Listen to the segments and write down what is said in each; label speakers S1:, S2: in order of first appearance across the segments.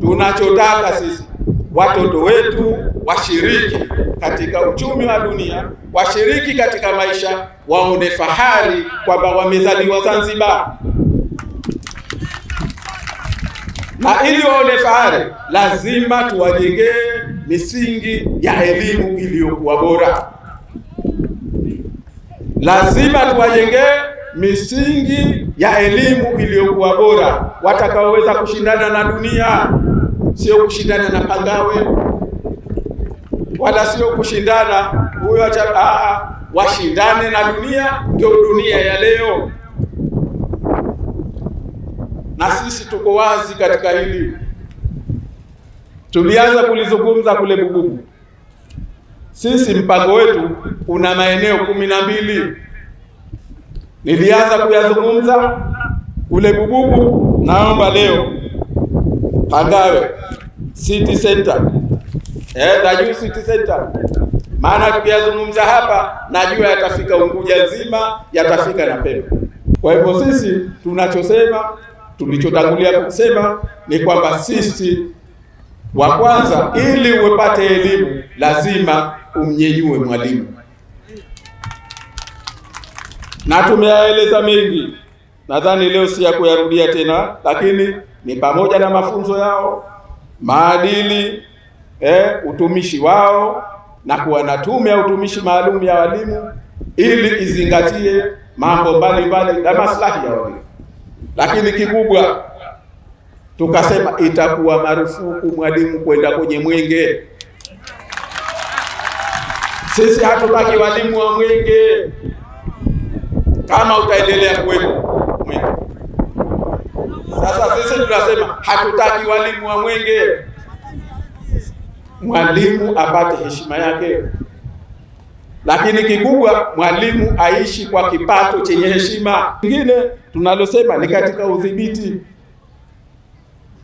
S1: Tunachotaka sisi watoto wetu washiriki katika uchumi wa dunia, washiriki katika maisha, waone fahari kwamba wamezaliwa Zanzibar. Na ili waone fahari, lazima tuwajengee misingi ya elimu iliyokuwa bora. Lazima tuwajengee misingi ya elimu iliyokuwa bora, watakaoweza kushindana na dunia sio kushindana na Pangawe wala sio kushindana huyo acha, ah, ah, washindane na dunia. Ndio dunia ya leo, na sisi tuko wazi katika hili. Tulianza kulizungumza kule Bugubu. Sisi mpango wetu una maeneo kumi na mbili. Nilianza kuyazungumza kule Bugubu, naomba leo Pangawe City Center, eh, najua City Center, maana tukiyazungumza hapa najua yatafika Unguja nzima, yatafika na Pemba. Kwa hivyo sisi tunachosema, tulichotangulia kusema ni kwamba sisi wa kwanza, ili uwepate elimu lazima umnyenyue mwalimu, na tumeyaeleza mengi. Nadhani leo si ya kuyarudia tena, lakini ni pamoja na mafunzo yao, maadili, eh, utumishi wao na kuwa na tume ya utumishi maalum ya walimu ili izingatie mambo mbalimbali na maslahi ya walimu. Lakini kikubwa tukasema itakuwa marufuku mwalimu kwenda kwenye mwenge. Sisi hatutaki walimu wa mwenge. Kama utaendelea kuwepo Mwenge. Sasa sisi tunasema hatutaki walimu wa Mwenge, mwalimu apate heshima yake, lakini kikubwa mwalimu aishi kwa kipato chenye heshima. Ingine tunalosema ni katika udhibiti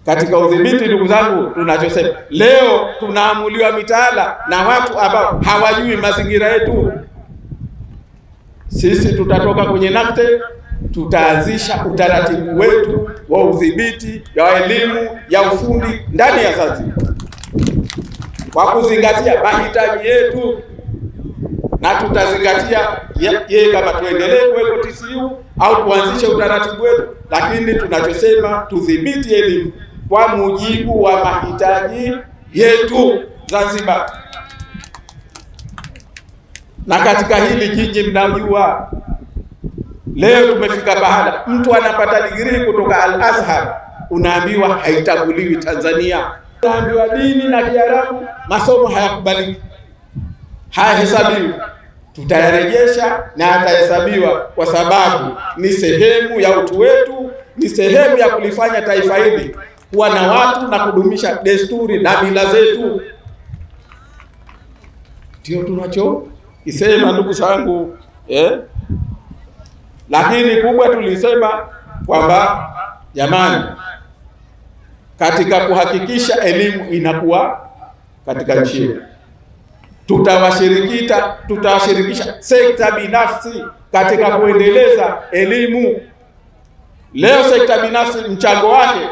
S1: katika udhibiti, ndugu zangu, tunachosema leo, tunaamuliwa mitaala na watu ambao hawajui mazingira yetu. Sisi tutatoka kwenye nakte tutaanzisha utaratibu wetu wa udhibiti wa elimu ya ufundi ndani ya Zanzibar kwa kuzingatia mahitaji yetu, na tutazingatia yeye kama tuendelee kuweko TCU au tuanzishe utaratibu wetu, lakini tunachosema tudhibiti elimu kwa mujibu wa mahitaji yetu Zanzibar. Na katika hili jiji mnajua Leo tumefika pahala mtu anapata digrii kutoka Al Azhar, unaambiwa haitaguliwi Tanzania, unaambiwa dini na Kiarabu masomo hayakubaliki, hayahesabiwi. Tutayarejesha na atahesabiwa, kwa sababu ni sehemu ya utu wetu, ni sehemu ya kulifanya taifa hili kuwa na watu na kudumisha desturi na mila zetu. Ndio tunacho isema ndugu zangu eh? Lakini kubwa tulisema kwamba jamani, katika kuhakikisha elimu inakuwa katika nchi yetu tutawashirikisha tutawashirikisha sekta binafsi katika kuendeleza elimu. Leo sekta binafsi mchango wake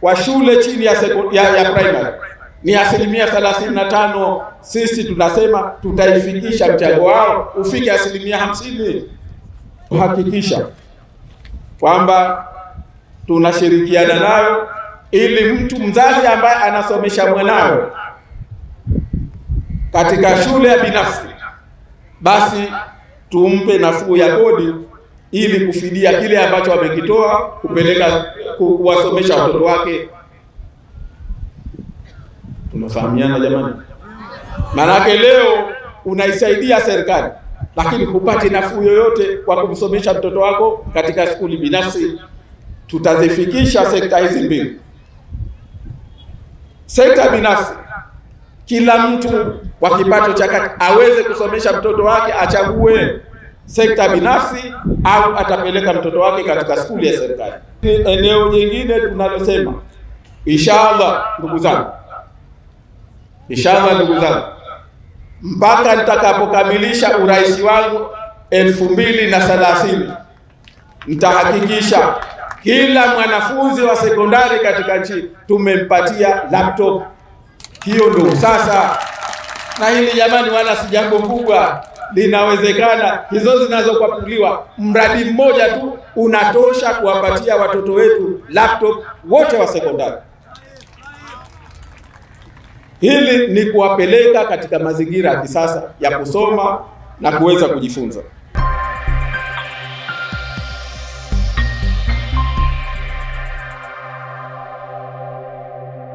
S1: kwa shule chini ya, ya, ya primary ni asilimia 35. Sisi tunasema tutaifikisha mchango wao ufike asilimia hamsini kuhakikisha kwamba tunashirikiana nayo ili mtu mzazi ambaye anasomesha mwanao katika shule ya binafsi basi tumpe nafuu ya kodi ili kufidia kile ambacho amekitoa kupeleka kuwasomesha watoto wake. Tunafahamiana jamani? Maanake leo unaisaidia serikali lakini hupati nafuu yoyote kwa kumsomesha mtoto wako katika skuli binafsi. Tutazifikisha sekta hizi mbili, sekta binafsi, kila mtu wa kipato cha kati aweze kusomesha mtoto wake, achague sekta binafsi au atapeleka mtoto wake katika skuli ya serikali. Eneo jingine tunalosema, inshallah ndugu zangu, inshallah ndugu zangu mpaka nitakapokamilisha urais wangu elfu mbili na thelathini nitahakikisha kila mwanafunzi wa sekondari katika nchi tumempatia laptop. Hiyo ndio sasa. Na hili jamani, wala si jambo kubwa, linawezekana. Hizo zinazokwapuliwa, mradi mmoja tu unatosha kuwapatia watoto wetu laptop wote wa sekondari. Hili ni kuwapeleka katika mazingira ya kisasa ya kusoma na kuweza kujifunza.